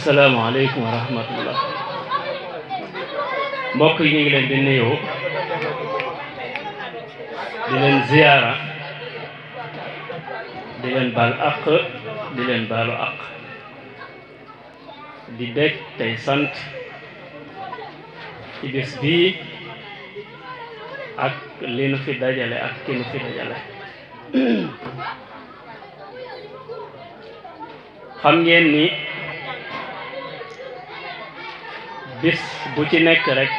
asalaamaaleykum wa rahmatullah mbokk yi ñu ngi leen di nuyu di leen ziyaara di leen baal àq di leen di bég tey sant ci bés bii ak li nu fi dajale ak ki nu fi dajale xam ngeen bis bu ci nekk rek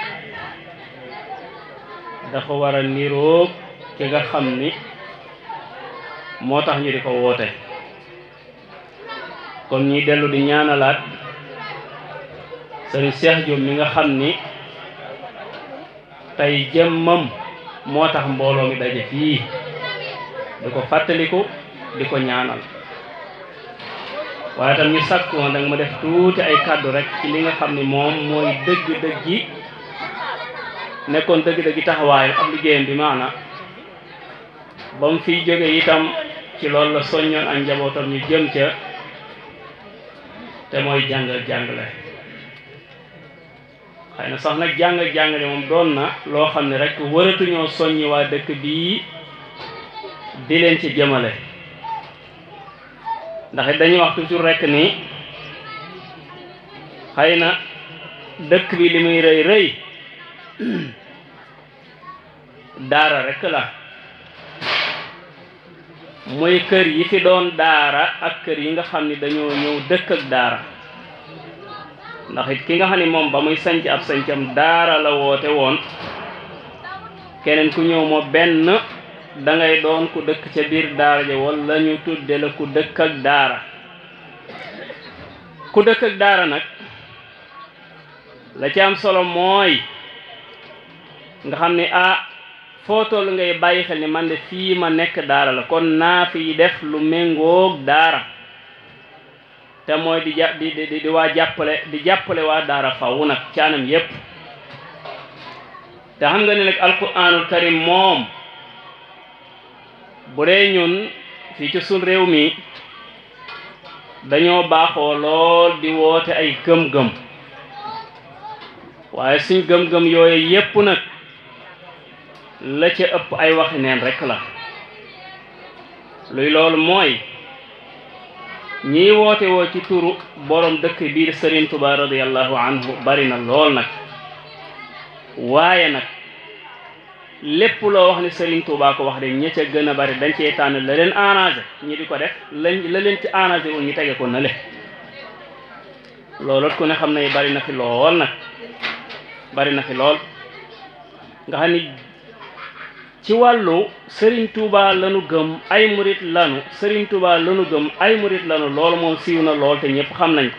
dafa war a niroog ki nga xam ni moo tax ñu di ko woote kon ñi dellu di ñaanalaat sëriñ Seex Jóob mi nga xam ni tey jëmmam moo tax mbooloo mi daje fii di ko fàttaliku di ko ñaanal waaye tam ñu sàkku woon danga ma def tuuti ay kàddu rek ci li nga xam ni moom mooy dëgg-dëgg yi nekkoon dëgg-dëgg yi taxawaayam ak liggéeyam bi maana ba mu fiy jóge itam ci loolu la soññoon ak njabootam ñu jëm ca te mooy jàngal jàngale xëy na sax nag jàng jàngale moom doon na loo xam ne rek wëratuñoo soññi waa dëkk bii di leen ci jëmale ndax dañuy wax toujours rekk nii xëy na dëkk bi li muy rëy rëy daara rek la mooy kër yi fi doon daara ak kër yi nga xam ni dañoo ñëw dëkk ak daara ndax ki nga xam ni moom ba muy sanc ab sancam daara la woote woon keneen ku ñëw moo benn dangay ngay doon ku dëkk ca biir daara ja wala ñu tudde la ku dëkk ak daara ku dëkk ak daara nag la ci am solo mooy nga xam ni ah foo toll ngay bàyyi xel ni man de fii ma nekk daara la kon naa fi def lu méngoog daara te mooy di ja di di di waa jàppale di jàppale waa daara fawu nag caanam yépp te xam nga ne nag alquranul karim moom bu dee ñun fi ci suñ réew mi dañoo baaxoo lool di woote ay gëm-gëm waaye suñ gëm-gëm yooyu yépp nag la ci ëpp ay waxi neen rekk la luy loolu mooy ñiy woote woo ci turu boroom dëkk biir Sëriñ Tuba radiyallahu anhu bari na lool nag waaye nag lépp loo wax ne Serigne Touba ko wax de ña ca gën a bari dañ cee tànn la leen arrangé ñi di ko def lañ la leen ci arrangé wul ñu tege ko na le loolu ku ne xam ne bari na fi lool nag bari na fi lool nga xam ni ci wàllu Serigne Touba lanu gëm ay murit lanu Serigne Touba lanu gëm ay murit lanu loolu moom siiw na lool te ñëpp xam nañ ko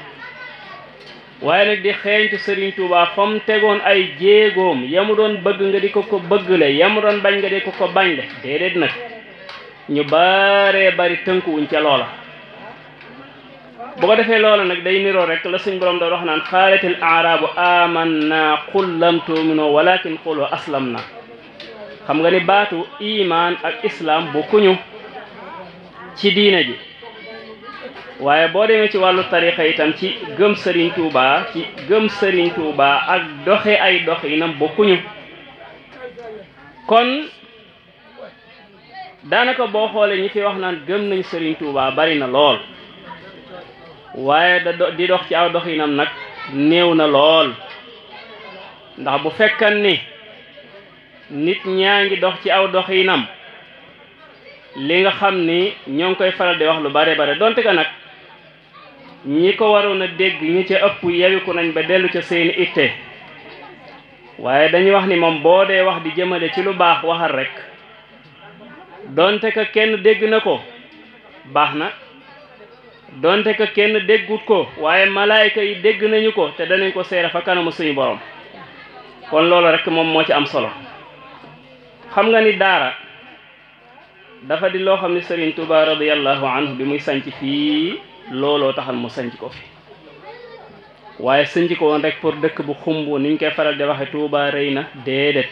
waaye nag di xeeñtu Serigne Touba xom tegoon ay jéegoom ya mu doon bëgg nga di ko ko bëggle ya mu doon bañ nga di ko ko bañ le déedéet nag ñu baree bari tënkuwuñ ca loola bu ko defee loola nag day niroo rek la suñ borom doon wax naan xaalatil aarabu amanna qul lam tuuminu walakin qulu aslam na xam nga ni baatu iman ak islam bokkuñu ci diine ji waaye boo demee ci wàllu tarixa itam ci gëm sëriñ Touba ci gëm sëriñ Touba ak doxe ay dox yinam bokkuñu kon daanaka boo xoolee ñi fi wax naan gëm nañ sëriñ Touba bari na lool waaye da di dox ci aw dox yinam nag néew na lool ndax bu fekkan ni nit ñaa ngi dox ci aw dox yinam li nga xam ni ñoo ngi koy faral di wax lu bare bare donte ko nag ñi ko waroon a dégg ñi ca ëpp yewiku nañ ba dellu ca seeni itte waaye dañuy wax ni moom boo dee wax di jëmale ci lu baax waxal rek donte ka kenn dégg na ko baax na donte ka kenn déggut ko waaye malaayka yi dégg nañu ko te danañ ko seere fa kanamu suñu borom kon loolu rekk moom moo ci am solo xam nga ni daara dafa di loo xam ne Serigne Touba radiyallahu anhu bi muy sanc fii looloo taxal mu sanc ko fi waaye sanc ko woon rek pour dëkk bu xumb ni koy faral di waxe tuubaa rëy na déedéet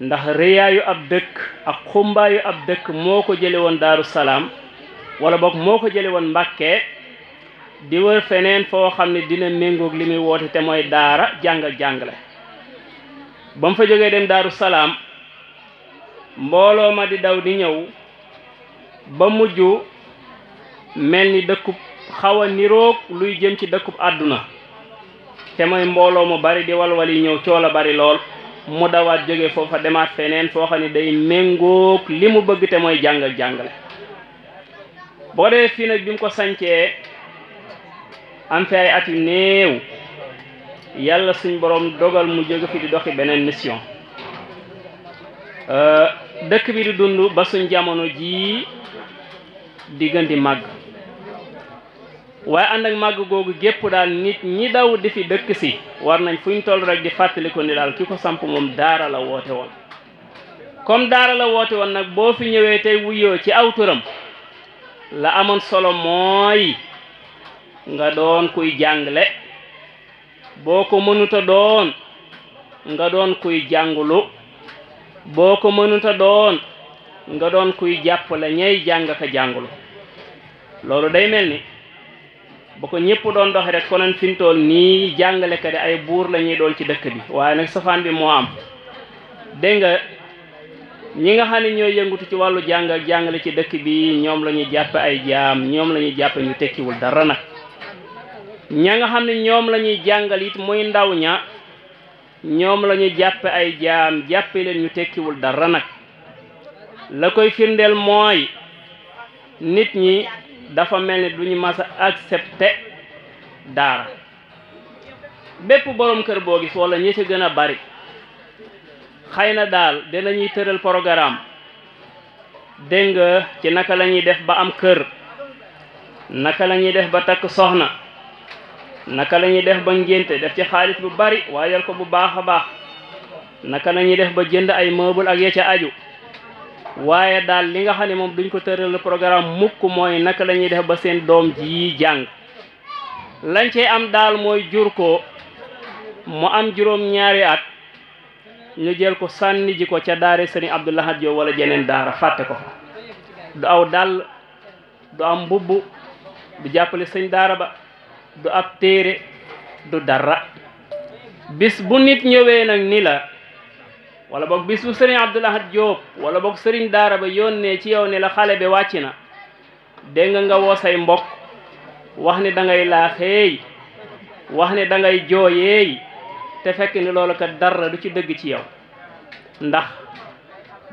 ndax rëyaayu ab dëkk ak xumbaayu ab dëkk moo ko jële woon Daaru Salaam wala boog moo ko jële woon Mbàkke di wër feneen foo xam ne dina méngoog li muy woote te mooy daara jàngal jàngale ba mu fa jógee dem Daaru Salaam mbooloo ma di daw di ñëw ba mujj mel ni dëkkub xaw a niroog luy jëm ci dëkkub àdduna te mooy mbooloo mu bari di walwal yi ñëw coola bari lool mu dawaat jóge foofa demaat feneen foo xam ne day méngoog li mu bëgg te mooy jàngal ak jàngale boo dee fii nag bi mu ko sancee am fi ay at yu néew yàlla suñ boroom dogal mu jóge fi di doxi beneen mission euh, dëkk bi di dund ba suñ jamono jii di màgg waaye ànd màgg googu gépp daal nit ñi daw di fi dëkk si war nañ fu ñu toll rek di fàttaliku ni daal ci ko samp moom daara la woote woon comme daara la woote woon nag boo fi ñëwee tey wuyoo ci aw turam la amoon solo mooy nga doon kuy jàngale boo ko mënuta doon nga doon kuy jàngulu boo ko mënuta doon nga doon kuy jàppale ñay jàng ka jàngulu loolu day mel ni ba ko ñëpp doon doxe rek konoon fi mu toll nii jàngalekat yi ay buur la ñuy doon ci dëkk bi waaye nag safaan bi moo am dégg nga ñi nga xam ne ñooy yëngutu ci wàllu jàng jàngale ci dëkk bi ñoom la ñuy jàppe ay jaam ñoom la ñuy jàppe ñu tekkiwul dara nag ña nga xam ne ñoom la jàngal it muy ndaw ña ñoom la ñu jàppe ay jaam jàppe leen ñu tekkiwul dara nag la koy firndeel mooy nit ñi dafa mel ni duñu mas a accepté daara bépp boroom kër boo gis wala ñi ci gën a bari xëy na daal dinañuy tëral programme dégg nga ci naka la ñuy def ba am kër naka la ñuy def ba takk soxna naka la ñuy def ba ngénte def ci xaalis bu bari waajal ko bu baax a baax naka la ñuy def ba jënd ay meuble ak ya ca aju waaye daal li nga xam ne moom duñ ko tëral programme mukk mooy naka la ñuy def ba seen doom ji yi jàng lañ cey am daal mooy jur ko mu am juróom ñaari at ñu jël ko sànni ko ca daare sëriñ Abdou Lahad Diop wala jeneen daara fàtte ko fa du aw dàll du am mbubb du jàppale sëñ daara ba du ab téere du dara bis bu nit ñëwee nag ni la wala boog bis bu sëriñ Abdoulahat Diop wala boog sëriñ daara ba yónnee ci yow ne la xale bi wàcc na dégg nga woo say mbokk wax ne dangay ngay laaxeey wax ne dangay ngay jooyeey te fekk ni loolu kat dara du ci dëgg ci yow ndax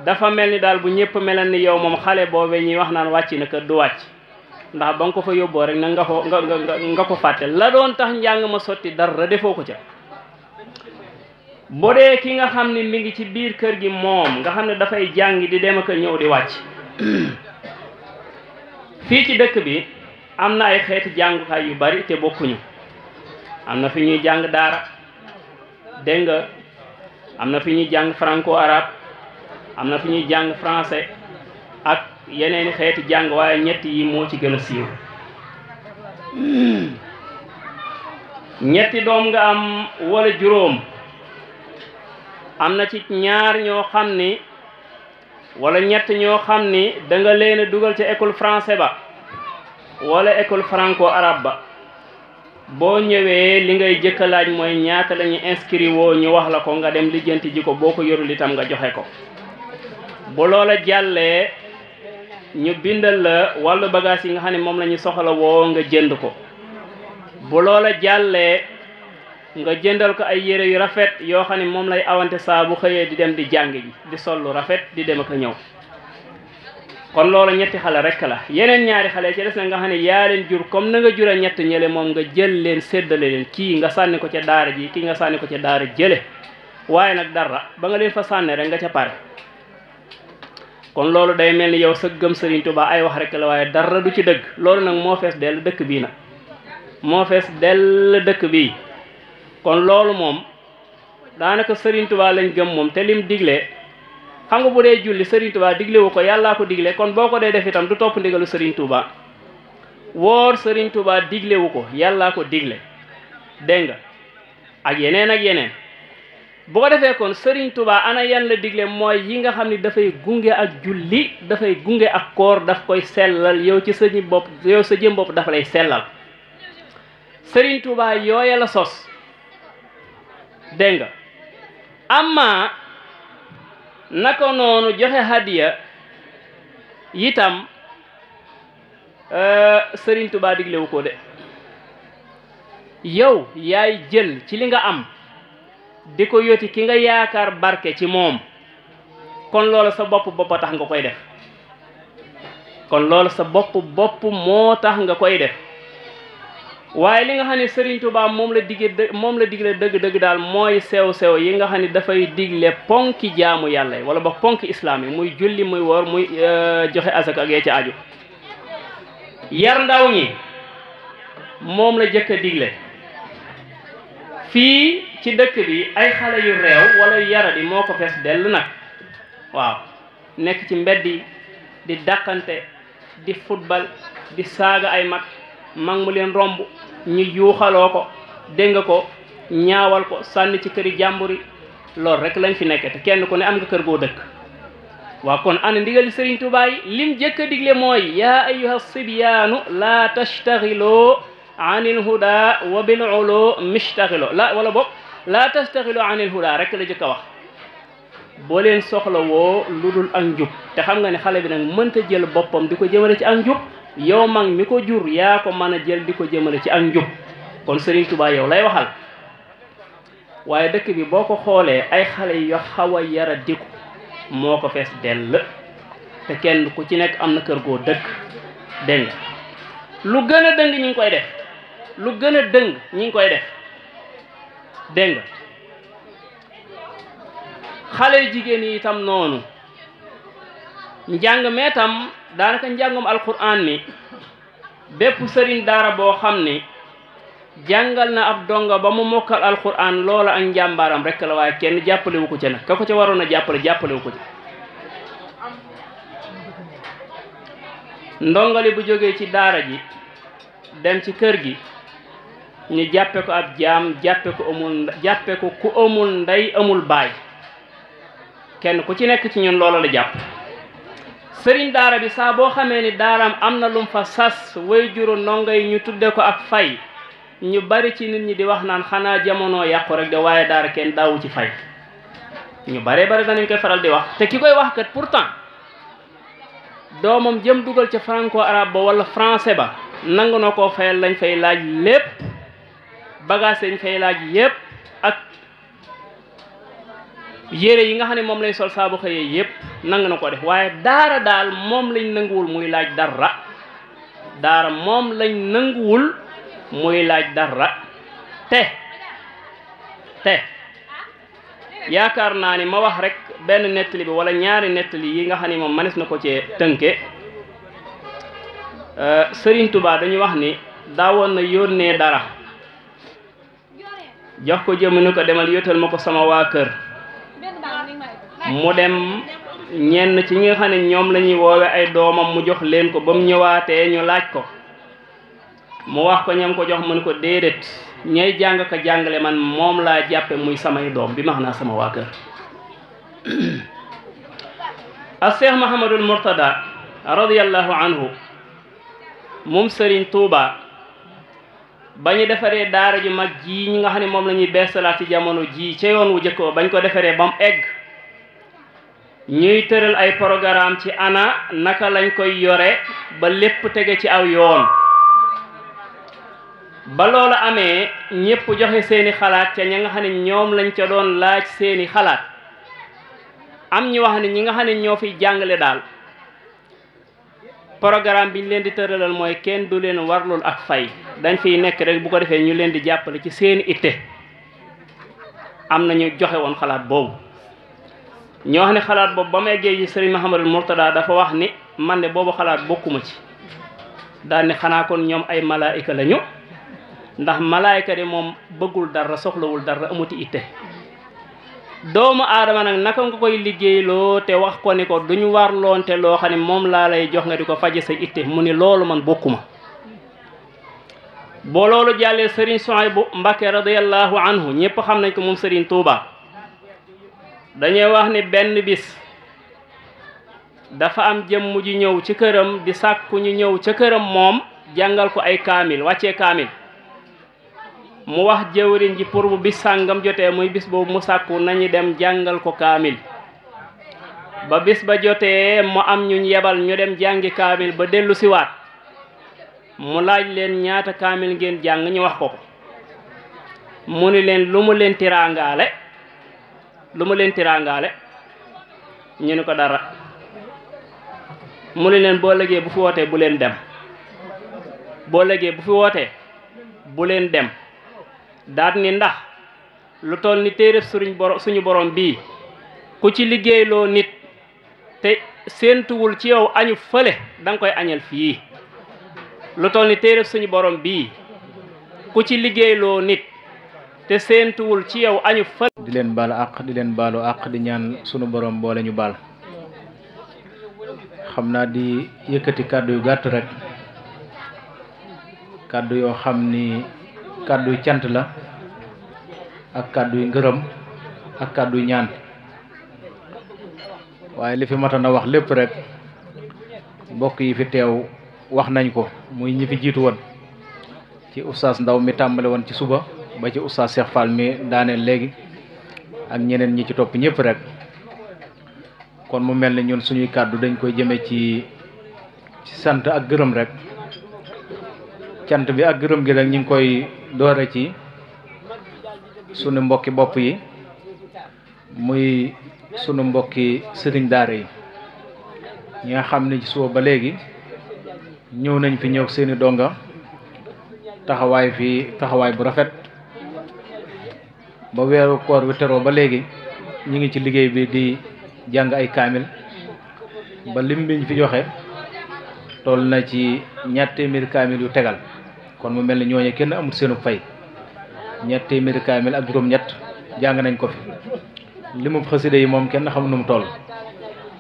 dafa mel ni daal bu ñëpp melan ni yow moom xale boobee ñuy wax naan wàcc na kër du wàcc ndax ba nga ko fa yóbboo rek na nga ko nga nga ko fàtte la doon tax njàng ma sotti dara defoo ko ca boo dee ki nga xam ne mi ngi ci biir kër gi moom nga xam ne dafay jàng di dem ak ñëw di wàcc fii ci dëkk bi am na ay xeeti jàngukaay yu bari te bokkuñu am na fi ñuy jàng daara dégg nga am na fi ñuy jàng franco arabe am na fi ñuy jàng français ak yeneen xeeti jàng waaye ñett yi moo ci gën a siiw ñetti doom nga am wala juróom am na ci ñaar ñoo xam ni wala ñett ñoo xam ni danga nga leen a dugal ca école francais ba wala école franco arab ba boo ñëwee li ngay jëkk a laaj mooy ñaata la ñu inscrit woo ñu wax la ko nga dem lijjanti ji ko boo ko yorul itam nga joxe ko bu loola jàllee ñu bindal la wàllu bagage yi nga xam ne moom la ñu soxla woo nga jënd ko bu loola jàllee nga jëndal ko ay yére yu rafet yoo xam ne moom lay awante saa bu xëyee di dem di jàng ji di sol lu rafet di dem ak ñëw kon loolu ñetti xale rek la yeneen ñaari xale ci des na nga xam ne yaa leen jur comme na nga jur a ñett ñële moom nga jël leen séddale leen kii nga sànni ko ca daara ji kii nga sànni ko ca daara jële waaye nag dara ba nga leen fa sànne rek nga ca pare kon loolu day mel ni yow sa gëm Sëriñ Tuubaa ay wax rek la waaye dara du ci dëgg loolu nag moo fees dell dëkk bii nag moo kon loolu moom daanaka Serigne Touba lañ gëm moom te lim digle xam bu dee julli sëriñ Touba digle wu ko yàllaa ko digle kon boo ko dee def itam du topp ndigalu Serigne Touba woor sëriñ Touba digle wu ko yàllaa ko digle dégg nga ak yeneen ak yeneen bu defee kon Serigne Touba ana yan digle mooy yi nga xam ni dafay gunge ak julli dafay gunge ak koor daf koy sellal yow ci sa bopp yow sa jëm bopp dafa lay sellal Serigne Touba yooya la sos. dégg nga amma naka noonu joxe hadiya yitam euh, Sëriñ Tuubaa diglewu ko de yow yaay jël ci li nga am di ko yoti ki nga yaakaar barke ci moom kon loolu sa bopp bopp tax nga koy def kon loolu sa bopp bopp moo tax nga koy def waaye li nga xam ne Serigne Touba moom la digge moom la digle dëgg-dëgg daal mooy sew-sew yi nga xam ne dafay digle ponki jaamu yàlla yi wala ba ponki islam yi muy julli muy woor muy euh, joxe asaka ak yee ci aju yar ndaw ñi moom la jëkk a digle fii ci dëkk bi ay xale yu réew wala yu yara di moo ko fees dell nag waaw nekk ci mbedd yi di dàqante di football di saaga ay mag man mu leen romb ñu yuuxaloo ko dégg nga ko ñaawal ko sànni ci këri jàmbur yi loolu rek lañ fi nekke te kenn ku ne am nga kër goo dëkk waa kon ana ndigali sëriñ Tuubaa yi lim jëkk a digle mooy ya ayyuha sibyaanu laa tastaxiloo anil huda wa bil uloo mistaxiloo la wala boog laa tastaxiloo anil huda rek la jëkk a wax boo leen soxla woo lu dul am jub te xam nga ne xale bi nag mënta jël boppam di ko jëmale ci am njub yow man mi ko jur yaa ko mën a jël di ko jëmale ci ak njub kon sëriñ Touba yow lay waxal waaye dëkk bi boo ko xoolee ay xale yu xaw yara diku moo ko fees dell te kenn ku ci nekk am na kër goo dëkk dégg lu gën a dëng ñi ngi koy def lu gën a dëng ñi ngi koy def dégg nga xale jigéen yi itam noonu njàng meetam daanaka njàngum alquran mi bépp sëriñ daara boo xam ne jàngal na ab donga ba mu mokkal alquran loola ak njàmbaaram rek la waaye kenn jàppale wu ko ca nag ka ko waroon a jàppale jàppale wu ko ca ndongali bu jógee ci daara ji dem ci kër gi ñu jàppe ko ab jaam jàppe ko amul jàppe ko ku amul nday amul baay kenn ku ci nekk ci ñun loola la jàpp sëriñ daara bi saa boo xamee ni daaram am na lum fa sas way juru ndongo yi ñu tudde ko ak fay ñu bari ci nit ñi di wax naan xanaa jamono yàqu rek de waaye daara kenn daawu ci fay ñu baree bari danañ koy faral di wax te ki koy wax kat pourtant doomam jëm dugal ca franco arabe ba walla français ba nangu na koo fayal lañ fay laaj lépp bagage lañ fay laaj yépp ak yére yi nga xam ne moom lay sol saa bu xëyee yépp nang na ko def waaye daara daal moom lañ nanguwul muy laaj dara daara moom lañ nanguwul muy laaj dara te te yaakaar naa ni ma wax rek benn nettali bi wala ñaari nettali yi nga xam ne moom manes na ko cee tënke euh, Sëriñ Tuubaa dañu wax ni daawoon na yónnee dara jox ko jëmm ni ko demal yóotal ma ko sama waa kër mu dem ñenn ci ñi nga xam ne ñoom la ñuy woowe ay doomam mu jox leen ko ba mu ñëwaatee ñu laaj ko mu wax ko ñam ko jox mën ko déedéet ñay jàng ka jàngale man moom laa jàppe muy samay doom bi max naa sama waa kër ak Cheikh Mahamadul Murtada radiyallahu anhu moom sëriñ Touba ba ñu defaree daara ju mag jii ñi nga xam ne moom la ñuy beesalaat ci jamono jii ca yoon wu jëkkoo bañ ko defaree ba mu egg ñuy tëral ay programme ci ana naka lañ koy yore ba lépp tege ci aw yoon ba loola amee ñépp joxe seeni xalaat ca ña nga xam ne ñoom lañ ca doon laaj seeni xalaat am ñu wax ne ñi nga xam ne ñoo fiy jàngale daal programme biñ leen di tëralal mooy kenn du leen warlul ak fay dañ fiy nekk rek bu ko defee ñu leen di jàppale ci seen itte am na ñu joxe woon xalaat boobu ñoo xam ne xalaat boobu ba mu eggee ji sëriñ Mahamadul Murtada dafa wax ni man de boobu xalaat bokkuma ci daal xanaa kon ñoom ay malaayika lañu ndax malaayika de moom bëggul dara soxlawul dara amuti itte doomu aadama nag naka nga koy liggéeyloo te wax ko ni ko duñu warloonte loo xam ne moom laa lay jox nga di ko faje sa itte mu ne loolu man bokkuma boo loolu jàllee sëriñ bu Mbacké radiyallahu anhu ñëpp xam nañ ko moom sëriñ Touba dañuy wax ni benn bis dafa am jëmm ji ñëw ci këram di sàkku ñu ñëw ca këram moom jàngal ko ay kaamil wàcce kaamil mu wax jëwriñ ji pour bu bis sàngam jotee muy bis boobu mu sàkku nañu dem jàngal ko kaamil ba bis ba jotee mu am ñu yebal ñu dem jàngi kaamil ba dellusiwaat mu laaj leen ñaata kaamil ngeen jàng ñu wax ko ko mu ni leen lu mu leen tiraangaale lu mu leen tiraangaale ñu ni ko dara mu ni leen boo légee bu fi wootee bu leen dem boo légee bu fi wootee bu leen dem daat ni ndax lu toll ni téeréb suñu borom bii ku ci liggéeyloo nit te séentuwul ci yow añu fële danga koy añal fii lu toll ni téere suñu borom bii ku ci liggéeyloo nit te séentuwul ci yow añu fël di leen baal àq di leen baalu àq di ñaan sunu borom boole ñu baal xam naa di yëkkati kàddu yu gàtt rek kàddu yoo xam ni kàddu cant la ak kàddu yu ngërëm ak kàddu yu ñaan waaye li fi matoon a wax lépp rek mbokk yi fi teew wax nañ ko muy ñi fi jiitu woon ci oustaz ndaw mi tàmbale woon ci suba ba ci oustaz Cheikh Fall mi daaneel léegi ak ñeneen ñi ci topp ñëpp rek kon mu mel ni ñun suñuy kàddu dañ koy jëmee ci ci sant ak gërëm rek cant bi ak gërëm gi rek ñu ngi koy doore ci sunu mbokki bopp yi muy sunu mbokki sëriñ daara yi ñi nga xam ne ci suba ba léegi ñëw nañ fi ñëw seeni donga taxawaay fi taxawaay bu rafet ba weeru koor wi tero ba léegi ñu ngi ci liggéey bi di jàng ay kaamil ba lim biñ fi joxe toll na ci ñaar téeméeri kaamil yu tegal kon mu mel ni ñooñu kenn amul seenu fay ñaar téeméeri kaamil ak juróom-ñett jàng nañ ko fi limu xasida yi moom kenn xam nu mu toll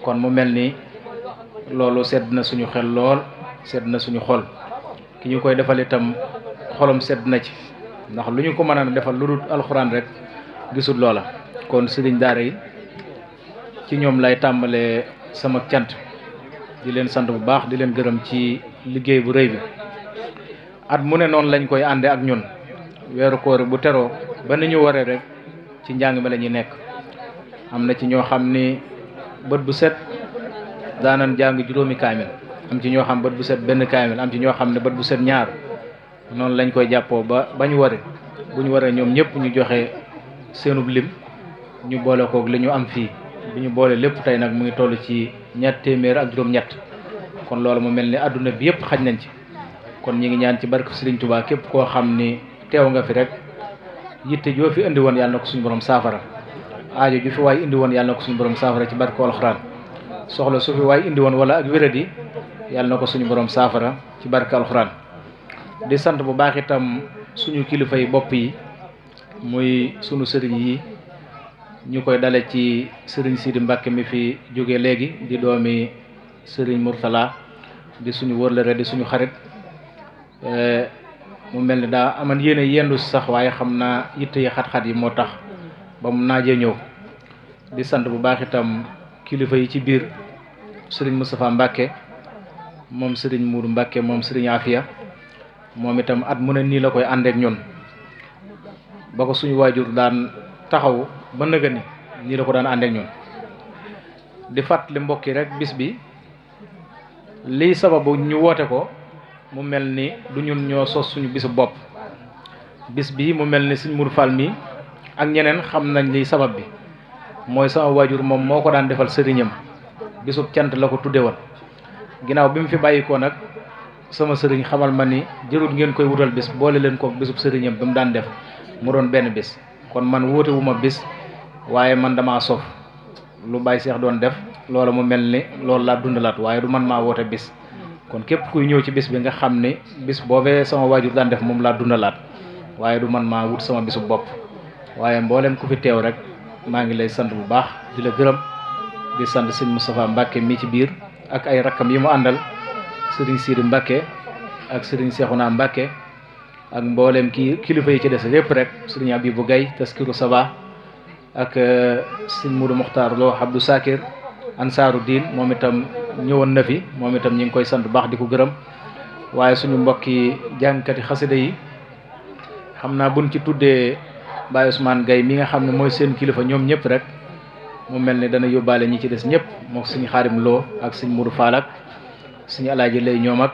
kon mu mel ni loolu sedd na suñu xel lool. sedd na suñu xol ki ñu koy defal itam xolam sedd na ci ndax lu ñu ko mën a defal lu dul alxuraan rek gisul loola kon sëriñ daara yi ci ñoom lay tàmbalee sama cant di leen sant bu baax di leen gërëm ci liggéey bu rëy bi at mu ne noonu lañ koy àndee ak ñun weeru koor bu teroo ba ni ñu waree rek ci njàng mi la ñuy nekk am na ci ñoo xam ni bët bu set daanan jàng juróomi kaamil am ci ñoo xam bët bu set benn kaamil am ci ñoo xam ne bët bu set ñaar noonu lañ koy jàppoo ba bañ waree bu ñu waree ñoom ñëpp ñu joxe seenub lim ñu boole koog li ñu am fii bu ñu boole lépp tey nag mu ngi toll ci ñett téeméer ak juróom-ñett kon loolu mu mel ni àdduna bi yëpp xaj nañ ci kon ñi ngi ñaan ci bark Sëriñ tubaa képp koo xam ni teew nga fi rek yitte joo fi indi woon yàlla na ko suñu borom saafara aajo ju fi waay indi woon yàlla na ko suñu borom saafara ci barke yàlla na ko suñu borom saafara ci barke alxuraan di sant bu baax itam suñu kilifa yi bopp yi muy sunu sëriñ yi ñu koy dale ci sëriñ Sidi Mbàkke mi fi jóge léegi di doomi sëriñ Murtala di suñu wërlëre di suñu xarit eh, mu mel ni daa aman yéene yendu sax waaye xam naa yitte yi xat-xat yi moo tax ba mu naajee ñëw di sant bu baax itam kilifa yi ci biir sëriñ Moustapha Mbàkke moom sëriñ Mourou Mbacke moom sëriñ Afia moom itam at mu ne nii la koy àndeek ñun ba ko suñu waajur daan taxaw ba nëga ni nii la ko daan àndeek ñun di fàttali mbokk yi rek bis bi lii sababu ñu woote ko mu mel ni du ñun ñoo sos suñu bisu bopp bis bi mu mel ni suñ Mourou Fall mi ak ñeneen xam nañ lii sabab bi mooy sama waajur moom moo ko daan defal sëriñam bisub cant la ko tudde ginnaaw bi mu fi bàyyikoo nag sama sëriñ xamal ma ni jërul ngeen koy wutal bis boole leen ko bisub sëriñam bi mu daan def mu doon benn bis kon man wóote ma bis waaye man damaa sof lu bàyyi seex doon def loola mu mel ni loolu laa dundalaat waaye du man maa woote bis kon képp kuy ñëw ci bis bi nga xam ni bis boobee sama waajur daan def moom laa dundalaat waaye du man maa wut sama bisu bopp waaye mboolem ku fi teew rek maa ngi lay sant bu baax di la gërëm di sant sëñ Moustapha Mbacke mi ci biir ak ay rakkam yi mu àndal sëriñ Sidi Mbacke ak sëriñ Cheikhouna Mbacke ak mboolem ki kilifa yi ci des lépp rek sëriñ Abibou Gaye Taskiru Saba ak euh, sëriñ Moudou Mokhtar Lo Abdou Sakir Ansaaru Diin moom itam ñëwoon na fi moom itam ñu ngi koy sant baax di ko gërëm waaye suñu mbokki jàngkati xasida yi xam naa buñ ci tuddee Baye Ousmane gay mi nga xam ne mooy seen kilifa ñoom ñëpp rek mu mel ni dana yóbbaale ñi ci des ñëpp mook suñu xaarim loo ak suñ mudu faal ak suñu alaaji lay ñoom ak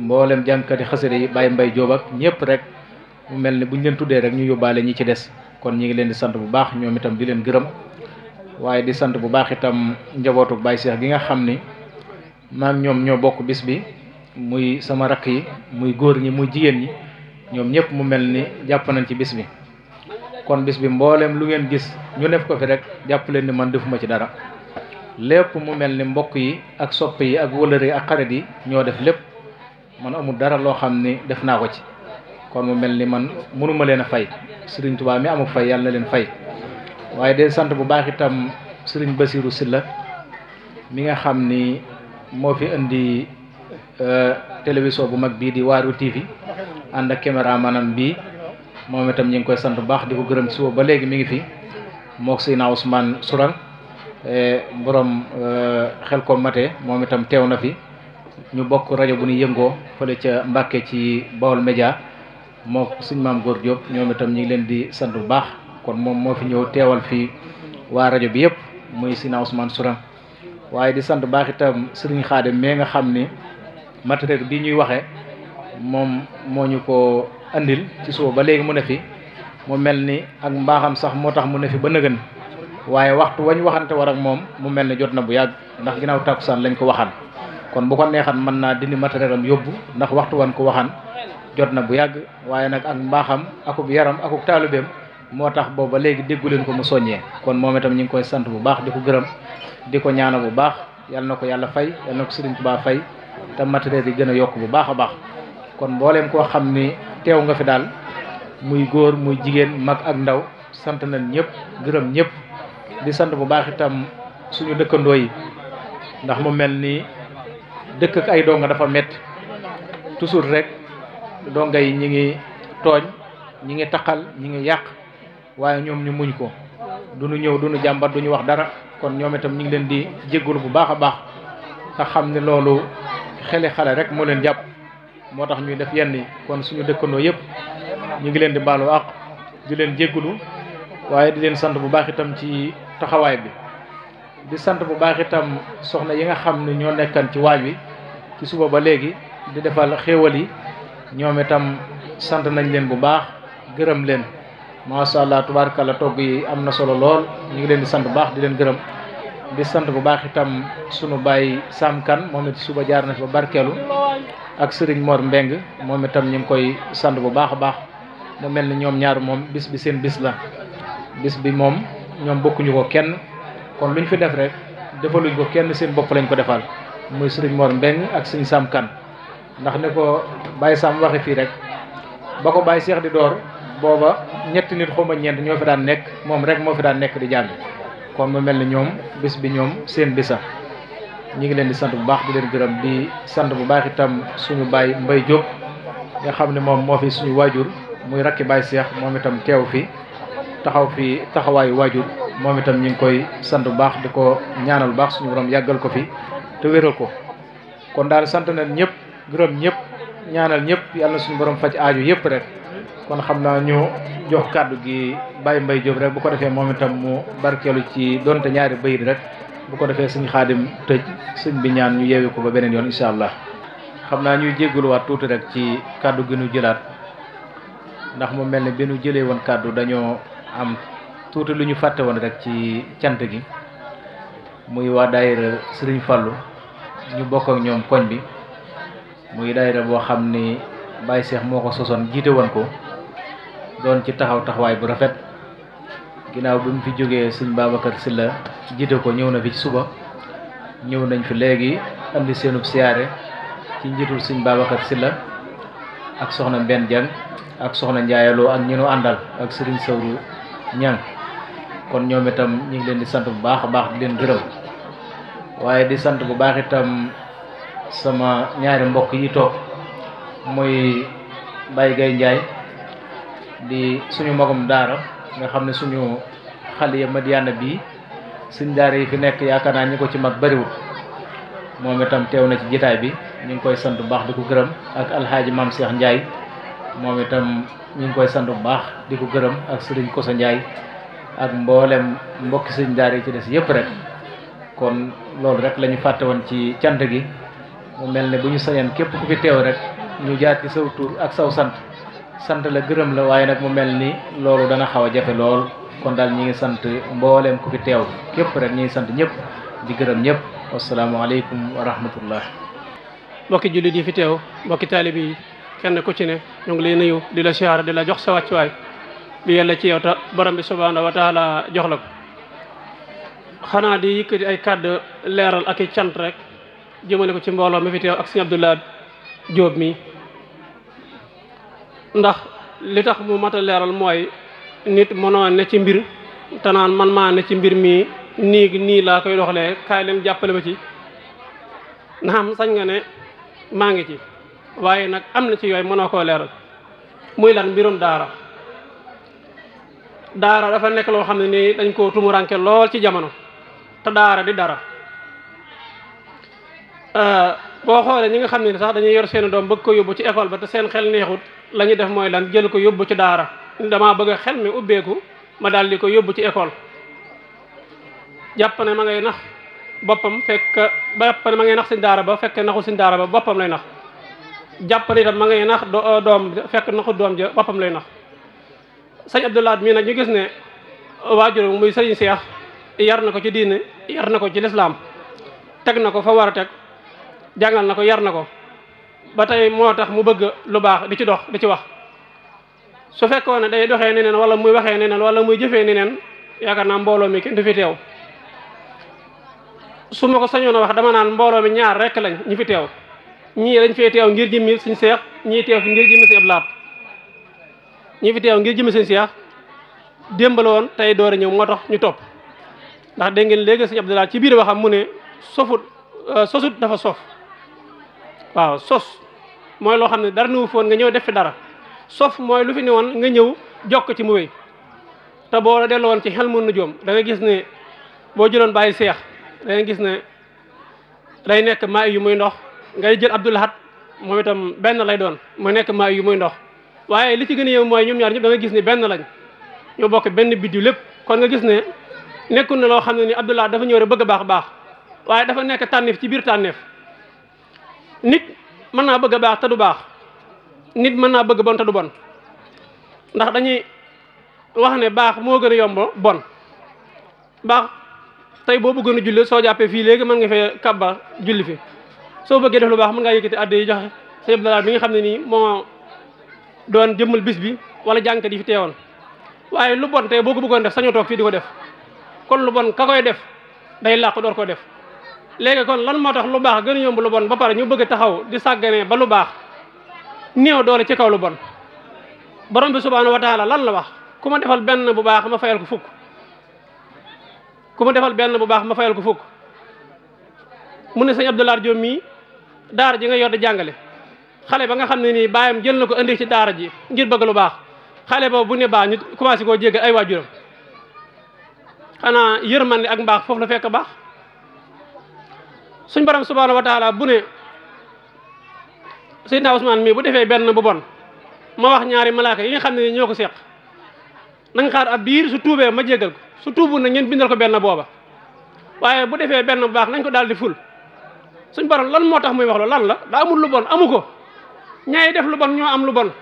mboolem jànkati xasida yi bàyyi mbay joob ak ñëpp rek mu mel ni buñ leen tuddee rek ñu yóbbaale ñi ci des kon ñu ngi leen di sant bu baax ñoom itam di leen gërëm waaye di sant bu baax itam njabootu Baye Cheikh gi nga xam ni maa ñoom ñoo bokk bis bi muy sama rakk yi muy góor ñi muy jigéen ñi ñoom ñëpp mu mel ni jàpp nañ ci bis bi kon bis bi mbooleem lu ngeen gis ñu def ko fi rek jàpp leen ni man defuma ci dara lépp mu mel ni mbokk yi ak sopp yi ak wëlëre yi ak xarit yi ñoo def lépp man amul dara loo xam ni def naa ko ci kon mu mel ni man mënuma leen a fay sëriñ Tuubaa mi amul fay yàlla leen fay waaye de sant bu baax itam sëriñ Basiiru la mi nga xam ni moo fi indi euh, télévision bu mag bii di waaru TV ànd ak caméra maanaam bii moom itam ñu ngi koy sant bu baax di ko gërëm suba ba léegi mi ngi fi mook Seydina Ousmane Sourang e, borom e, xel ko mate moom itam teew na fi ñu bokk rajo bu ñu yëngoo fële ca Mbàkke ci Bawol Média mook suñ maam Góor Diop ñoom ñu ngi leen di sant bu baax kon moom moo fi ñëw teewal fii waa rajo bi yëpp muy Seydina Ousmane Sourang waaye di sant baax itam Serigne Xaadim mais nga xam ni matériel bi ñuy waxee moom moo ñu ko andil ci suba ba léegi mu ne fi mu mel ni ak mbaaxam sax moo tax mu ne fi ba nëgën waaye waxtu wañ waxante war ak moom mu mel ni jot na bu yàgg ndax ginnaaw tàkkusaan lañ ko waxaan kon bu ko neexan mën naa dindi matériel am yóbbu ndax waxtu wan ko waxaan jot na bu yàgg waaye nag ak mbaaxam akub yaram akub taalubeem moo tax boobu léegi déggu leen ko mu soññee kon moom itam ñu ngi koy sant bu baax di ko gërëm di ko ñaana bu baax yal na ko yàlla fay yal na ko Sëriñ fay te matériel yi gën a yokk bu baax a baax kon mbooleem koo xam ne teew nga fi daal muy góor muy jigéen mag ak ndaw sant na ñëpp gërëm ñëpp di sant bu baax itam suñu dëkkandoo yi ndax mu mel ni dëkk ak ay donga dafa metti toujours rek donga yi ñu ngi tooñ ñu ngi taqal ñu ngi yàq waaye ñoom ñu muñ ko duñu ñëw duñu jàmbat du duñu wax dara kon ñoom itam ñu ngi leen di jéggul bu baax a baax te xam ne loolu xeli xale rek moo leen jàpp moo tax ñuy def yenn yi kon suñu dëkkandoo yëpp ñu ngi leen di baalu àq di leen jéggulu waaye di leen sant bu baax itam ci taxawaay bi di sant bu baax itam soxna yi nga xam ne ñoo nekkan ci waaj wi ci suba ba léegi di defal xéewal yi ñoom itam sant nañ leen bu baax gërëm leen macha allah tubaarkalla togg yi am na solo lool ñu ngi leen di sant bu baax di leen gërëm di sant bu baax itam sunu baay Sam Kane moom it suba jaar na fi ba barkeelu ak sëriñ moor Mbeng moom itam ñu ngi koy sant bu baax a baax mu mel ni ñoom ñaar moom bis bi seen bis la bis bi moom ñoom bokkuñu ko kenn kon lu ñu fi def rek defaluñ ko kenn seen bopp lañ ko defal muy sëriñ moor Mbeng ak sëriñ Sam Kan ndax ne ko Baye Sam waxe fii rek ba ko Baye Seex di door booba ñetti nit xawma ñeent ñoo fi daan nekk moom rek moo fi daan nekk di jàng kon mu mel ni ñoom bis bi ñoom seen bisa ñi ngi leen di sant bu baax di leen gërëm di sant bu baax itam suñu baay Mbay Jóob nga xam ne moom moo fi suñu waajur muy rakki baay Seex moom itam teew fi taxaw fi taxawaayu waajur moom itam ñu ngi koy sant bu baax di ko ñaanal bu baax suñu borom yàggal ko fi te wéral ko kon daal sant nañ ñëpp gërëm ñëpp ñaanal ñëpp yàlla suñu borom faj aaju yëpp rek kon xam naa ñu jox kàddu gi Baye Mbaye Diop rek bu ko defee moom itam mu barkeelu ci donte ñaari bayit rek bu ko defee suñ xaadim tëj suñ bi ñaan ñu yeewi ko ba beneen yoon incha allah xam naa ñuy jégaluwaat tuuti rek ci kàddu gi ñu jëlaat ndax mu mel ni bi jëlee woon kàddu dañoo am tuuti lu ñu fàtte woon rek ci cant gi muy waa daayira Sëriñ Fàllu ñu bokk ak ñoom koñ bi muy daayira boo xam ni Baye Cheikh moo ko sosoon jiite woon ko doon ci taxaw taxawaay bu rafet ginnaaw bu mu fi jógee sëñ Babacar Sylla jiite ko ñëw na fi ci suba ñëw nañ fi léegi indi seenub siyaare ci njiitul siñ baabakat Sylla ak soxna Mbène Dieng ak soxna njaayaloo ak ñi àndal ak Serigne Sawru Niang kon ñoom itam ñu ngi leen di sant bu baax a baax di leen gërëm waaye di sant bu baax itam sama ñaari mbokk yi toog mooy Baye gay Ndiaye di suñu magum daara nga xam ne suñu xale ya Madiyana bii suñ daara yi fi nekk yaakaar naa ñi ko ci mag bariwul moom itam teew na ci jitaay bi ñu ngi koy sant bu baax di ko gërëm ak alxaaji mam seex Ndiaye moom itam ñu ngi koy sant bu baax di ko gërëm ak sëriñ Kosa njaay ak mboolem mbokki suñ daara yi ci des yëpp rek kon loolu rek lañu ñu fàtte woon ci cant gi mu mel ne bu ñu sañoon képp ku fi teew rek ñu jaar ci saw tur ak saw sant sant la gërëm la waaye nag mu mel ni loolu dana xaw a jafe lool kon daal ñi ngi sant mbooleem ku fi teew képp rek ñi ngi sant ñëpp di gërëm ñëpp wasalaamaaleykum wa rahmatullah mbokki jullit yi fi teew mbokki taalibi yi kenn ku ne ñu ngi lay nuyu di la siyaara di la jox sa wàccuwaay bi yàlla ci yow ta borom bi subhaanahu wa taala jox la ko xanaa di yëkkati ay kàddu leeral ak i cant rek jëmale ko ci mbooloo mi fi teew ak sëñ Abdoulaye Diop mi ndax li tax mu mat a leeral mooy nit mënoo ne ci mbir te naan man maa ne ci mbir mii nii nii laa koy doxalee kaay leen jàppale ma ci naam sañ nga ne maa ngi ci waaye nag am na ci yooyu mënoo koo leeral muy lan mbirum daara daara dafa nekk loo xam ne nii dañ koo tumuranke lool ci jamono te daara di dara euh, boo xoolee ñi nga xam ne ni sax dañuy yor seen doom bëgg ko yóbbu ci école ba te seen xel neexut la def mooy lan jël ko yóbbu ci daara damaa bëgg a xel mi ubbeeku ma daal di ko yóbbu ci école jàpp ne ma ngay nax boppam fekk ba ma ngay nax suñ daara ba fekk naxul suñ daara ba boppam lay nax jàpp ne ma ngay nax euh, doom fekk naxul doom ja boppam lay nax sëñ Abdoulaat mii nag ñu gis ne waajuram muy sëriñ Seex yar na ko ci diine yar na ko ci lislaam teg na ko fa war a teg jàngal na ko yar na ko ba tey moo tax mu bëgg lu baax di ci dox di ci wax su fekkoon ne day doxee neneen wala muy waxee nen wala muy jëfee neneen yaakaar naa mbooloo mi kenn du fi teew su ma ko sañoon a wax dama naan mbooloo mi ñaar rek lañ ñu fi teew ñii dañ fee teew ngir jëmmi suñ seex ñii teew ngir jëmmi suñu laat ñii fi teew ngir jëmmi suñ seex démbal woon tey door a ñëw moo tax ñu topp ndax dégg ngeen léegi sëñ Abdoulaye ci biir waxam mu ne sofut euh, sosut dafa sof waaw sos mooy loo xam ne dara newu foon nga ñëw def fi dara sof mooy lu fi ne woon nga ñëw jokk ci mu wéy te boo la delloo ci xel mun na joom da gis ne boo jëloon bàyyi seex da gis ne day nekk maa yu muy ndox ngay jël abdoulahat moom itam benn lay doon mu nekk maa yu muy ndox waaye li ci gën a mooy ñoom ñaar da gis ni benn lañ ñoo bokk benn biddiw lépp kon nga gis ne nekkul ne loo xam ne ni abdoulahat dafa ñëw rek bëgg a baax baax waaye dafa nekk tànneef ci biir tànneef nit mën naa bëgg a baax te du baax nit mën naa bëgg bon te du bon ndax dañuy wax ne baax moo gën a yomb bon baax tey boo bëggoon a julli soo jàppee fii léegi mën nga fee kabba julli fi soo bëggee def lu baax mën ngaa yëkkati adde yi joxe sëñ Abdoulaye mi nga xam ne nii moo doon jëmmal bis bi wala jànkat yi fi teewoon waaye lu bon tey boo ko bëggoon def sañu toog fii di ko def kon lu bon ka koy def day làq door ko def léegi kon lan moo tax lu baax gën a yomb lu bon ba pare ñu bëgg taxaw di sàgganee ba lu baax néew doole ci kaw lu bon borom bi subhaanahu wa taala lan la wax ku ma defal benn bu baax ma fayal ko fukk ku ma defal benn bu baax ma fayal ko fukk mu ne sëñ Abdoulaye Diop mii daara ji nga yor di jàngale xale ba nga xam ne nii baayam jël na ko indi ci daara ji ngir bëgg lu baax xale boobu bu ne baax ñu commencé koo jéggal ay waajuram xanaa yërmande ak mbaax foofu la fekk baax. suñ borom subhaanahu wa taala bu ne Seydina Ousmane mii bu defee benn bu bon ma wax ñaari malaaka yi nga xam ne ñoo ko seq na xaar a biir su tuubee ma jégal ko su tuubu na ngeen bindal ko benn booba waaye bu defee benn bu baax nañ ko daal di ful suñ borom lan moo tax muy wax loolu lan la daa amul lu bon amu ko ñaay def lu bon ñoo am lu bon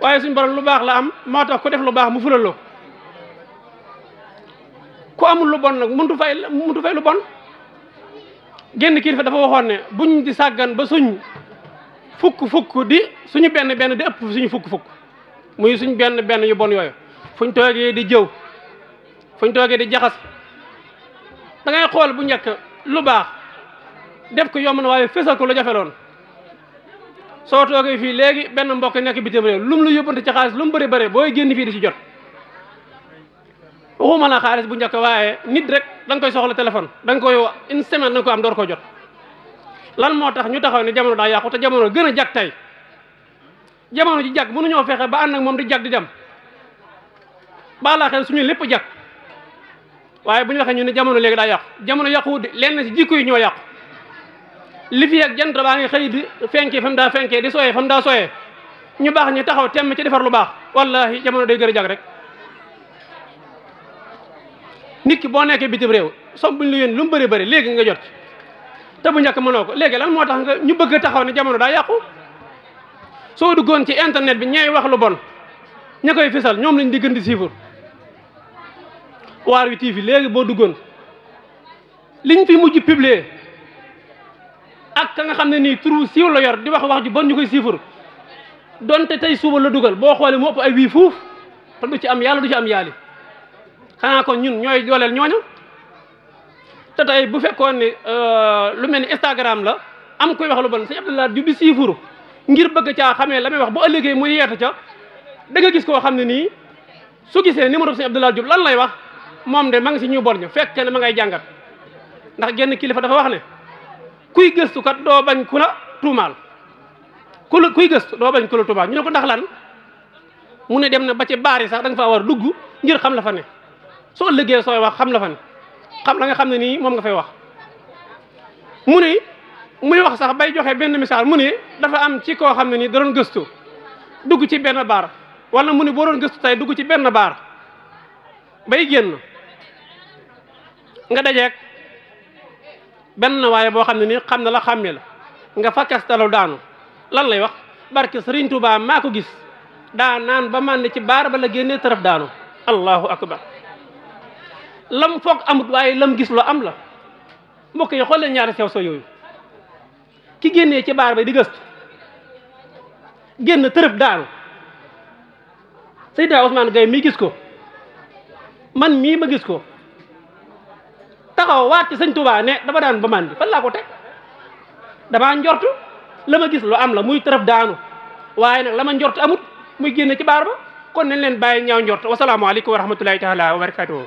waaye suñ borom lu baax la am moo tax ku def lu baax mu fulaloo ku amul lu bon nag muntu fay muntu fay lu bon génn kilifa dafa waxoon ne bu ñu di sàggan ba suñ fukk fukk di suñu benn benn di ëpp suñu fukk fukk muy suñ benn benn yu bon yooyu fuñ toogee di jëw fuñ toogee di jaxas dangay ngay xool bu njëkk lu baax def ko yomb na waaye fésal ko lu jafeloon soo toogee fii léegi benn mbokk nekk bitim réew lu mu la yóbbante ci xaalis lu mu bari bëri booy génn fii di ci jot waxuma la xaalis bu njëkk waaye nit rek danga koy soxla téléphone da koy woo une semaine da nga am door ko jot lan moo tax ñu taxaw ne jamono daa yàqu te jamono gën a jag tey jamono ji jag mënuñoo fexe ba ànd ak moom di jag di dem ba laa xel suñu lépp jag waaye bu ñu waxee ñu ne jamono léegi daa yàqu jamono yàquwut de lenn si jikko yi ñoo yàqu li fi ak jant ngi xëy di fenkee fa daa fenkee di sooyee fa mu daa sooyee ñu baax ñu taxaw temm ci defar lu baax wallahi jamono de gën a jag rek nit ki boo nekkee bitim réew som buñ la yónni lu mu bari bëri léegi nga jot te bu njëkk mënoo ko léegi lan moo tax nga ñu bëgg taxaw ne jamono daa yàqu soo duggoon ci internet bi ñay wax lu bon ñu koy fisal ñoom lañ di gën di siifur léegi boo duggoon liñ fi mujj publier ak ka nga xam ne nii turu siiw la yor di wax wax ju bon ñu koy siifur donte tey suba la dugal boo xoolee mu ëpp ay wii fuuf te du ci am yàlla du ci am yaali xanaa kon ñun ñooy dooleel ñooñu te tey bu fekkoon ni euh, lu mel ni Instagram la am koy wax lu bon sëñ Abdoulaye Diouf bi siifuru ngir bëgg caa xamee la may wax bu ëllëgee muy yeeta ca danga gis koo xam ne nii su gisee numéro sëñ Abdoulaye Diouf lan lay wax moom de ma ngi si ñu bon ñu fekk ne ma ngay jàngat ndax genn kilifa dafa wax ne kuy gëstu kat doo bañ ku la tuumaal ku kuy gëstu doo bañ ku tuumaal ñu ne ko ndax lan mu ne dem na ba ci baar yi sax da a dugg ngir xam la fa ne soo liggéey sooy wax xam la fan xam la nga xam ne nii moom nga fay wax mu ne muy wax sax bay joxe benn misaal mu ne dafa am ci koo xam ne nii da doon gëstu dugg ci benn baar wala mu ne boo doon gëstu tey dugg ci benn baar bay génn nga dajeek benn waaye boo xam ne nii xam na la xàmme la nga fakkastalu daanu lan lay wax barke Sëriñ tubaa maa ko gis daa naan ba màndi ci baar ba la génnee tërëf daanu allahu akbar lam foog amut waaye lam gis loo am la mbokk yi xool leen ñaari sew sew yooyu ki génne ci baar ba di gëstu génn tërëf daaru Seydina Ousmane Gaye mii gis ko man mii ma gis ko taxaw waat ci sëñ Touba ne dafa daan ba man bi fan laa ko teg damaa njortu la ma gis loo am la muy tërëf daanu waaye nag la ma njort amut muy génn ci baar ba kon nañ leen bàyyi ñaaw njort wasalaamaaleykum wa rahmatulahi taala wa barakatuhu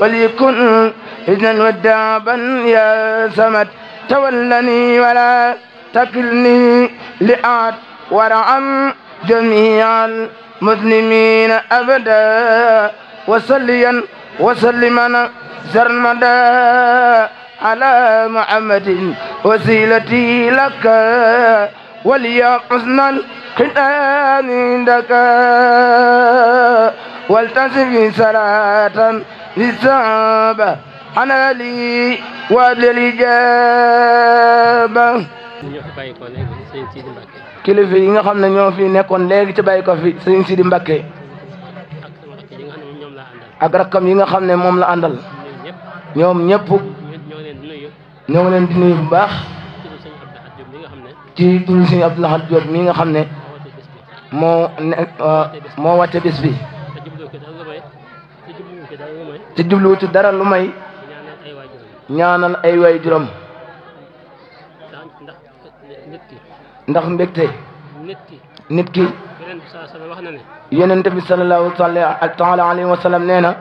وليكن إذن ودابا يا سمت تولني ولا تكلني لآت ورعم جميع المسلمين أبدا وصليا وسلما سرمدا على محمد وسيلتي لك وليا حسن الختان عندك والتصف صلاة للصحابة أنا لي وللإجابة kilifa yi nga xam ne ñoo fi nekkoon léegi ci bàyyi ko fi sëriñ Sidi Mbacke ak rakkam yi nga xam ne moom la àndal ñoom ñëpp ñoo ngi leen di nuyu bu baax ci turu sëñ Abdou Lahad Diop mii nga xam ne moo uh, moo wàcce bis bi te jubluwutu dara lu may ñaanal ay waay juróom ndax mbégte nit ki yonent bi sallallahu taala alayhi wa sallam nee na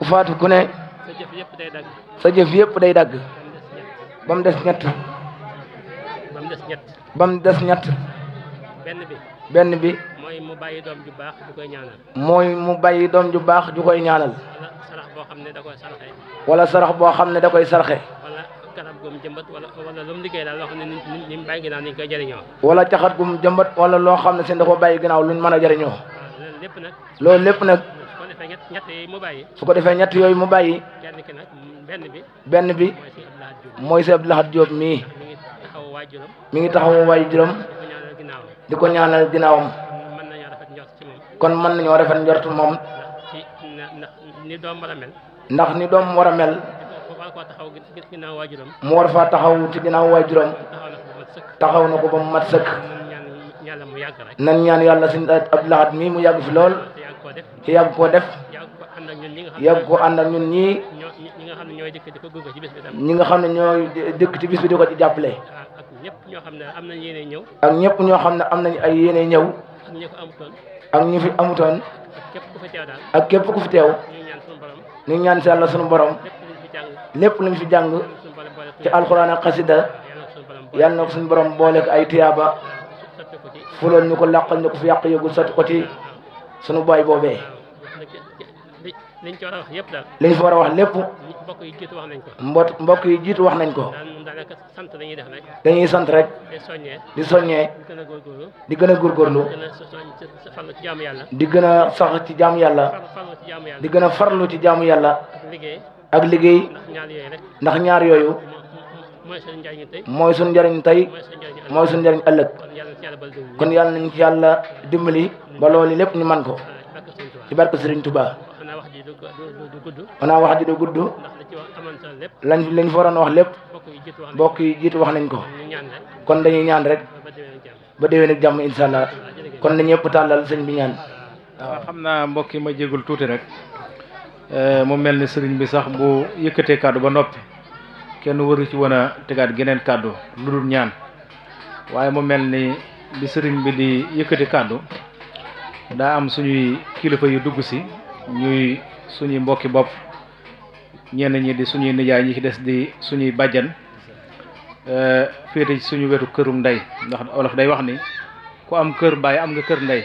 ku faatu ku ne sa jëf day dagg ba mu des ñett des ñett. ba mu des ñett. benn bi. benn bi. mooy mu bàyyi doom ju baax ju koy ñaanal. mooy mu bàyyi doom ju baax ju koy ñaanal. wala sarax boo xam ne da koy sarxe. wala sarax boo xam ne da koy sarxe. wala garab jëmbat wala wala lu mu liggéey loo xam ne ni ni mu bàyyi ginnaaw ni ñu koy jëriñoo. wala caxat gu mu jëmbat wala loo xam ne seen da ko bàyyi ginnaaw luñ mën a jëriñoo. waaw loolu lépp nag. loolu lépp nag. su ko defee ñett yooyu mu bàyyi. su ko defee ñett yooyu mu bàyyi. kenn ki nag benn bi. benn bi mooy Sëñ Abdou Lahad mii mi ngi taxawu waajuram di ko ñaanal ginnaawam kon mën nañoo rafet njort moom ndax ni doom war a mel mu war faa taxaw ci ginnaaw waajuram taxaw na ko ba mu mat sëkk nan ñaan yàlla suñ Abdul Ahad mii mu yàgg fi lool ci yàgg koo def yàgg ko ànd a ñun ñii ñi nga xam ne ñooy dëkk ci bis bi di ko ci jàppale ah, ñëpp ñoo xam ne am nañ yéene ñëw. ak ñëpp ñoo xam ne am nañ ay yéene ñëw. ak ñi ak ñi fi amutoon. ak képp ku fi teew daal. ak képp ku fi teew. ñu ñaan sunu borom. ñu ñaan si yàlla sunu borom. lépp luñ fi jàng. ci alxuraan ak xasida. yàlla na ko suñu borom boole ko ay tiyaaba. fuloon ñu ko làqal ñu ko fi yàq yëgul sotti ko ci sunu boy boobee. liñ ci war a wax yëpp daal. liñ ci war a wax lépp. wax nañ ko. mbot mbokk yi jiitu wax nañ ko. daanaka sant dañuy def rek. dañuy sant rek. di soññee. di soññee. di gën a góorgóorlu. di gën a góorgóorlu. di gën a sax ci jaamu yàlla. di gën a farlu ci jaamu yàlla. ak liggéey. ndax ñaar yooyu. mooy suñu njëriñ tey mooy suñu njëriñ tey mooy suñu njëriñ ëllëg kon yàlla nañ ci yàlla dimbali ba loolu lépp ñu man ko ci barke Serigne Touba xanaa wax ji du gudd lañ lañ fa waroon wax lépp mbokk yi jiitu wax nañ ko kon dañuy ñaan rek ba déwén ak jàmm incha kon nañ ñëpp tàllal sëñ bi ñaan waaw xam naa mbokk yi ma jégul tuuti rek eh, mu mel ni sëriñ bi sax bu yëkkatee kàddu ba noppi kenn waru ci woon a tegaat geneen kàddu lu dul ñaan waaye mu mel ni bi sëriñ bi di yëkkati kàddu daa am suñuy kilifa yu dugg si ñuy suñuy mbokki bopp ñenn ñi di suñuy nijaay ñi ci des di suñuy bàjjan euh, féete ci suñu wetu kërum ndey ndax olof day wax ni ku am kër baay am nga kër ndey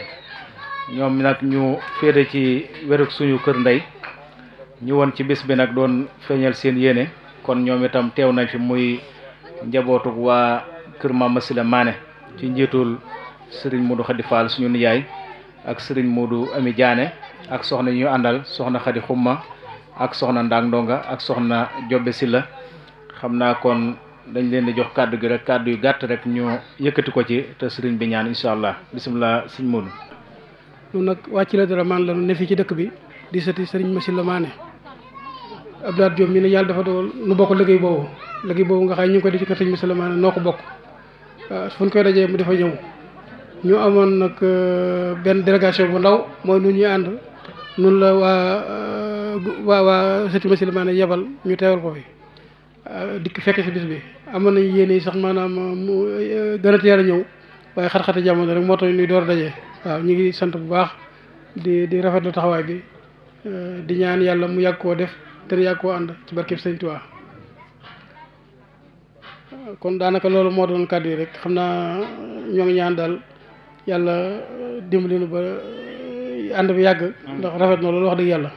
ñoom nag ñu féete ci wetu suñu kër ndey ñu woon ci bis bi nag doon feeñal seen yéene kon ñoom itam teew nañ fi muy njabootug waa kër Mame Sylla Mané ci njiitul Serigne Modou Khady Fall suñu nijaay ak Serigne Modou Ami Diané ak soxna ñu àndal soxna Xadi Xumma ak soxna Ndang Ndonga ak soxna Jobbe Silla xam naa kon dañ leen di jox kàddu gi rek kàddu yu gàtt rek ñu yëkkati ko ci te sëriñ bi ñaan incha allah bisimilah sëñ Moodu. ñun nag wàcc la dara maan la ne ci dëkk bi di sëti sëriñ Masila Maane Abdoulaye joom mi ne yàlla dafa dogal nu bokk liggéey boobu liggéey boobu nga xam ñu ngi koy di ci kër sëriñ Masila Maane noo ko bokk ah, fu ñu koy dajee mu dafa ñëw ñu amoon nag euh, benn délégation bu ndaw mooy nu ñuy ànd. noonu la waa waa waa sëti Massilimaane yebal ñu teewal ko fi ah, dikk fekk si bis bi amoon nañ yéene sax maanaam ah, mu gën eh, a teel ñëw waaye xat-xati jamono rek moo tax ñuy door daje waaw ñu ngi sant bu baax di di rafetlu taxawaay bi eh, di ñaan yàlla mu yàgg koo def te yàgg koo ànd ci barkeb Sëñ Tuubaa kon daanaka loolu moo doon kàddu yi rek xam naa eh, ñoo ngi ñaan daal yàlla dimbali ba. ànd bi yàgg ndax rafet na loolu wax dëgg yàlla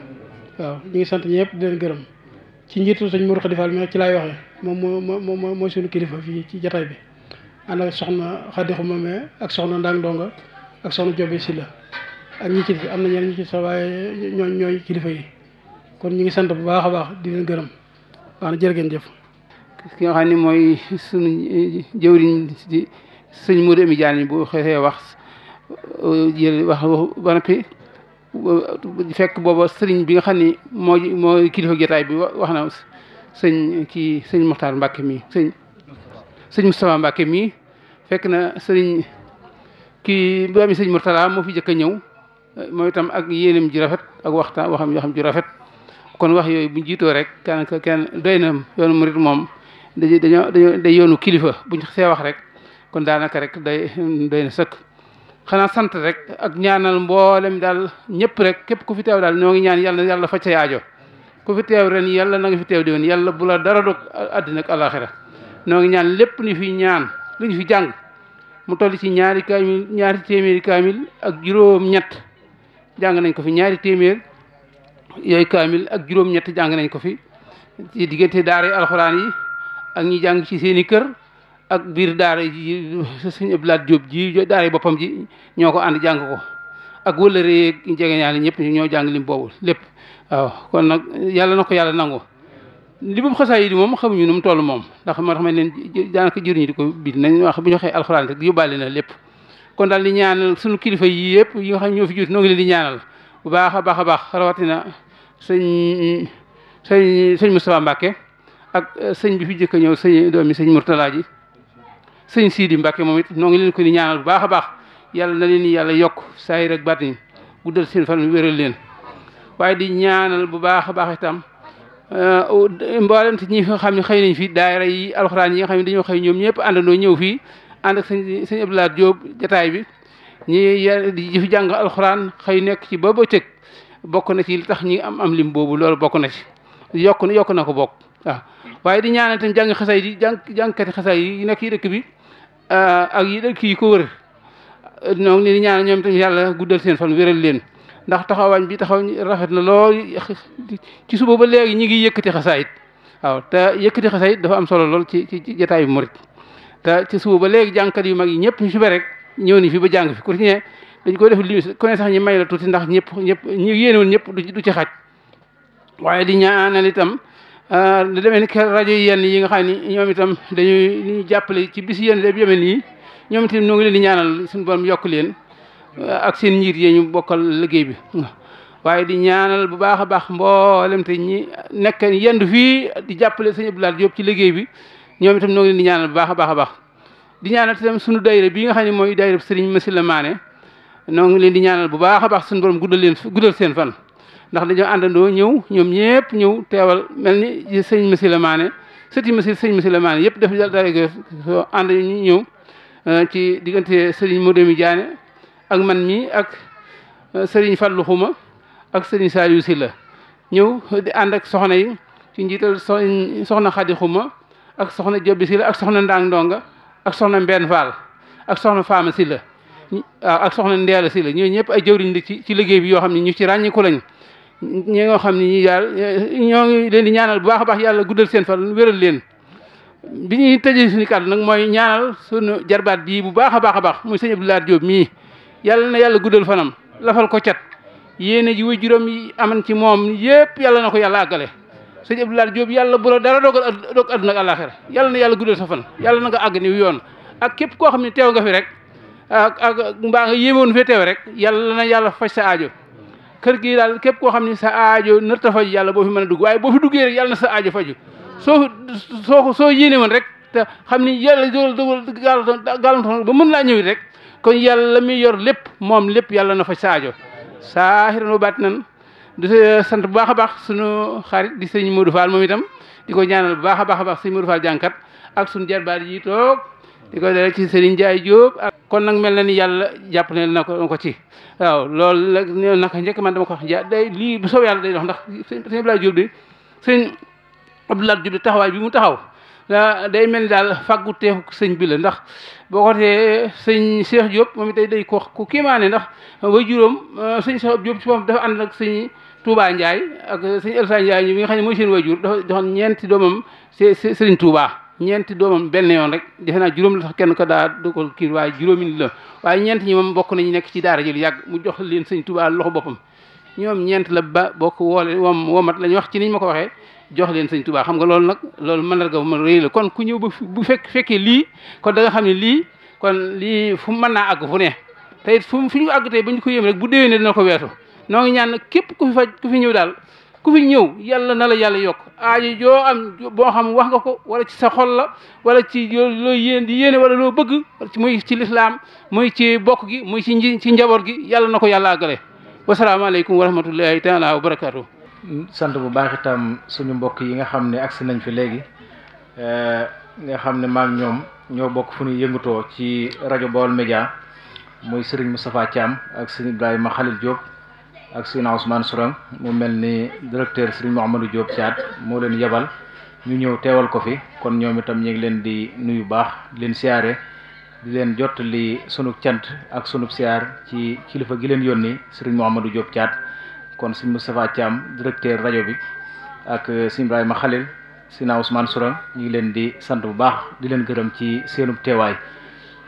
waaw ñu ngi sant ñëpp di leen gërëm ci njiitu sëñ Mourou Khady Fall mi ci laay moo moo mooy suñu kilifa fii ci jataay bi ànd ak soxna Khady Khoumame ak soxna Ndang Donga ak soxna Jobe Silla ak ñi ci des am yi kon ñu ngi sant bu baax a baax di leen gërëm wax na jërë ngeen jëf ki nga xam ne mooy suñu jëwriñ di sëñ fekk booba sëriñ bi nga xam ni moo moo kilifa jotaay bi wax na sëñ kii sëñ Muxtaar Mbàkke mii sëñ sëñ Moustapha Mbàkke mii fekk na sëriñ kii bu amee sëñ Murtala moo fi jëkk a ñëw moom itam ak yéenam ji rafet ak waxtaan waxam yoo xam ji rafet kon wax yooyu bu jiitoo rek daanaka kenn doy na yoonu murit moom dañoo dañoo day yoonu kilifa buñ see wax rek kon daanaka rek day doy na sëkk xanaa sant rek ak ñaanal mboolem daal ñëpp rek képp ku fi teew daal ñoo ngi ñaan yàlla yàlla fa ca yaajo ku fi teew ren yàlla nangu fi teew déwén yàlla bu la dara dog àddina ak alaxira noo ngi ñaan lépp ni fi ñaan lu ñu fi jàng mu toll ci ñaari kaamil ñaari téeméeri kaamil ak juróom-ñett jàng nañ ko fi ñaari téeméer yooyu kaamil ak juróom jàng nañ ko fi ci diggante daara alxuraan yi ak ñi jàng ci seeni kër ak biir daara ji sëñ ji daara yi boppam ji ñoo ko ànd jàng ko ak wëllëre yeeg jegeñaale ñëpp ñoo jàng lim boobu lépp waaw kon nag yàlla na ko yàlla nangu li mu xasaay moom xamuñu nu mu toll moom ndax moo tax ma leen daanaka di ko bind nañ wax bu ñu waxee alxuraan yóbbaale na lépp kon daal di ñaanal suñu kilifa yi yëpp yi nga xam ñoo fi jot noo ngi leen di ñaanal bu baax a baax a baax rawatina sëñ sëñ sëñ Moustapha Mbacke ak sëñ bi fi jëkk a ñëw sëñ doomi sëñ Mourtala ji sëñ Sidi Mbacke moom it noo ngi leen ko ni ñaanal bu baax a baax yàlla na leen yàlla yokk saa yi rek baat yi guddal seen fan wéral leen waaye di ñaanal bu baax a baax itam euh, mboolem ci ñi nga xam ne xëy nañ fi daayira yi alxuraan yi nga xam ne dañoo xëy ñoom ñëpp àndandoo ñëw fii ànd ak sëñ sëñ Abdoulaye Diop jataay bi ñi di fi jàng alxuraan xëy nekk ci ba bëccëg bokk na ci li tax ñi am am lim boobu loolu bokk na ci yokk na yokk na ko bokk waaye di ñaanal itam jàng xasay yi jàng jàngkati xasay yi Euh, ak yi dëkk yi ko wër ñoo ngi ñaan ñoom itam yàlla guddal seen fan wéral leen ndax taxawaañ bi taxaw rafet na lool ci suba ba léegi ñi ngi yëkkati xasaayit waaw te yëkkati xasaayit dafa am solo lool ci ci jataayu murit te ci suba ba léegi jàngkat yu mag yi ñëpp ñu fi rek ñëw ni fi ba jàng fi ku ci ne dañ koy def limite ku ne sax ñi may la tuuti ndax ñëpp ñëpp ñi yéenoon ñëpp du ci xaj waaye di ñaanal itam Ah, lu demee ni que rajo yi yenn yi nga xam ni ñoom itam dañuy ñu jàppale ci bis yenn def yeme nii ñoom itam ñoo ngi leen di ñaanal suñu borom yokk leen ah, ak seen njiit yi ñu bokkal liggéey bi di ñaanal bu baax a baax mboolem te ñi nekk yendu fii di jàppale sëñ Abdou Lahad Jóob bi ñoom itam ñoo ngi leen di bu baax baax a di ñaanal itam suñu dayre bi nga xam ne mooy dayre sëriñ Masila Maane ñoo leen di ñaanal bu baax a baax suñu borom leen guddal seen fan ndax dañoo àndandoo ñëw ñoom ñëpp ñëw teewal mel ni sëñ Missirah Mané sëti Missirah sëñ Missirah Mané yëpp def dara soo ànd ñu ñëw euh, ci diggante sëriñ Modemi Diané ak man mii ak euh, sëriñ Fallou Xuma ak Serigne si la ñëw di ànd ak soxna yi ci njiital soxna Xadi Xuma ak soxna si la ak soxna Ndang Ndonga ak soxna Mbenn Fall ak soxna Fama Sylla ah, ak soxna Ndeela Sylla ñooñu ñëpp ay jëwriñ ci ci liggéey bi yoo xam ne ñu ci ràññiku lañ ñi nga xam ni daal ñoo ngi leen ñaanal bu baax a baax yàlla guddal seen fan wéral leen bi ñuy tëjee suñu kàddu nag mooy ñaanal suñu jarbaat bii bu baax a baax a baax muy sëñ Abdou Lahad mii yàlla na yàlla guddal fanam lafal ko cat yéene ji waajuram yi aman ci moom yépp yàlla na ko yàlla àggale sëñ Abdou Lahad yàlla bu la dara dogal doog àdduna ak àllaaxira yàlla na yàlla guddal sa fan yàlla na nga àgg niw yoon ak képp koo xam ne teew nga fi rek ak ak mbaa nga yéemoon rek yàlla na yàlla faj sa aajo kër gi daal képp koo xam ni sa aajo nar ta faju yàlla boo fi mën a dugg waaye boo fi duggee rek yàlla na sa aajo faju soo soo soo yéene woon rek te xam ni yàlla dogal dogal gàllantoon ba mën laa ñëwit rek kon yàlla mi yor lépp moom lépp yàlla na faj sa aajo saahiran wa baatinan di sant bu baax a baax suñu xarit di sëñ Modou Fall moom itam di ko ñaanal bu baax a baax a baax sëñ Modou faal jànkat ak suñu jarbaar yi toog di ko dale ci Serigne Ndiaye Diop ak kon nag mel na ni yàlla jàpp ne na ko ci waaw lool nag naka njëkk man dama ko wax ja day lii bu yàlla day dox ndax sëñ Abdoulaye Diop di sëñ Abdoulaye taxawaay bi mu taxaw day mel ni daal fàggu teefu sëñ bi ndax boo ko tee sëñ Cheikh Diop moom tey day ko ku kéemaane ndax way juróom euh, sëñ Cheikh Diop ci moom dafa ànd ak sëñ Touba Ndiaye ak sëñ Elsa Ndiaye ñi nga xam ne mooy seen way jur dafa doxoon ñeenti doomam sëñ tuubaa ñeenti doomam benn yoon rek defe naa juróom la sax kenn ko daa du ko kii waaye juróomi ni la waaye ñeent ñi moom bokk nañu nekk ci daara ji lu yàgg mu jox leen sëñ Tuubaa loxo boppam ñoom ñeent la ba bokk woole wom womat lañ wax ci niñ ma ko waxee jox leen sëñ tubaa xam nga loolu nag loolu mandarga bu ma rëy la kon ku ñëw ba bu fekk fekkee lii kon da nga xam ne lii kon lii fu mën naa àgg fu ne te it fu ñu àgg tey ba ñu ko yëm rek bu déwénee dina ko weesu noo ñaan nag képp ku ku fi ñëw daal ku fi ñëw yàlla na la yàlla yokk aajo joo am boo xam wax nga ko wala ci sa xol la wala ci yéen di yéene wala loo bëgg muy ci lislaam muy ci bokk gi muy ci ci njaboot gi yàlla na ko yàlla àggale wasalaamaaleykum wa rahmatullahi taala wa barakaatu sant bu baax itam suñu mbokk yi nga xam ne agsi nañ fi léegi eh, nga xam ne maam ñoom ñoo bokk fu ñuy yëngutoo ci rajo Baol Média muy Serigne Moustapha Thiam ak Serigne Ibrahima Khalil Diop ak Sina Ousmane Sourang mu mel ni directeur Serigne Mouhamadou Diop Thiat moo leen yebal ñu ñëw teewal ko fi kon ñoom itam ñu ngi leen di nuyu baax di leen siyaare di leen jot li sunub cant ak sunub siyaar ci kilifa gi leen yónni Serigne Mouhamadou Diop caat kon Serigne Moustapha Thiam directeur rajo bi ak Serigne Ibrahima Khalil Sina Ousmane Sourang ñu ngi leen di sant bu baax di leen gërëm ci seenub teewaay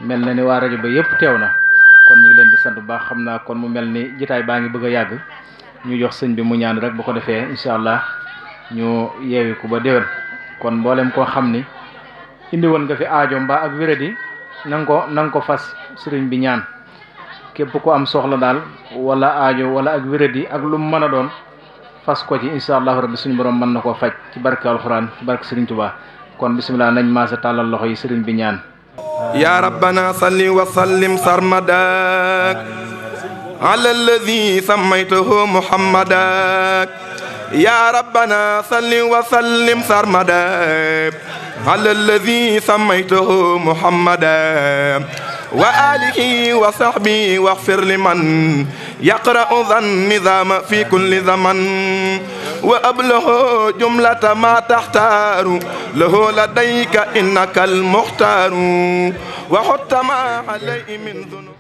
mel na ni waa rajo ba yépp teew na sant bu baax xam naa kon mu mel ni jitaay baa ngi bëgg a yàgg ñu jox sëñ bi mu ñaan rek bu ko defee incha allah ñu yeewi ku ba déwén kon mbooleem koo xam ni indi woon nga fi aajo mbaa ak wéradi na nga ko na ko fas sëriñ bi ñaan képp ku am soxla daal walla aajo wala ak wéradi ak lu mu mën a doon fas ko ci incha allahu rabbi suñu borom mën na koo faj ci bark alxuraan ci barke sëriñ tubaa kon bisimilah nañ maasa tàllal loxo yi sëriñ bi ñaan. yaa rabbana salli wa sallim sarmadak ala alladi sammaytahu muhammadak yaa rabbana salli wa sallim sarmadak ala alladi sammaytahu muhammadak وآله وصحبه واغفر لمن يقرأ ذا النظام في كل زمن وأبله جملة ما تختار له لديك إنك المختار وحط ما عليه من ذنوب